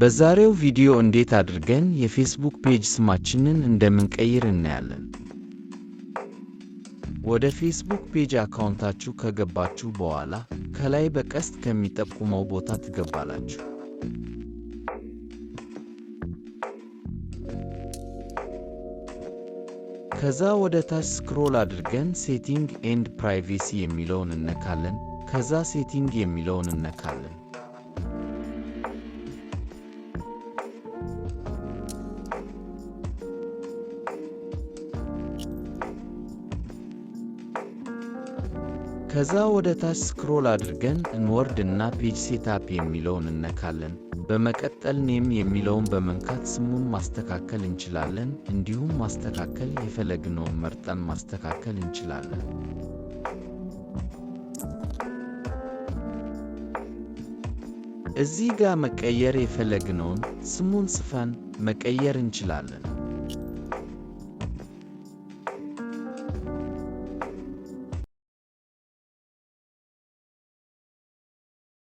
በዛሬው ቪዲዮ እንዴት አድርገን የፌስቡክ ፔጅ ስማችንን እንደምንቀይር እናያለን። ወደ ፌስቡክ ፔጅ አካውንታችሁ ከገባችሁ በኋላ ከላይ በቀስት ከሚጠቁመው ቦታ ትገባላችሁ። ከዛ ወደ ታች ስክሮል አድርገን ሴቲንግ ኤንድ ፕራይቬሲ የሚለውን እነካለን። ከዛ ሴቲንግ የሚለውን እነካለን። ከዛ ወደ ታች ስክሮል አድርገን እንወርድና ፔጅ ሴታፕ የሚለውን እነካለን። በመቀጠል ኔም የሚለውን በመንካት ስሙን ማስተካከል እንችላለን። እንዲሁም ማስተካከል የፈለግነውን መርጠን ማስተካከል እንችላለን። እዚህ ጋር መቀየር የፈለግነውን ስሙን ጽፈን መቀየር እንችላለን።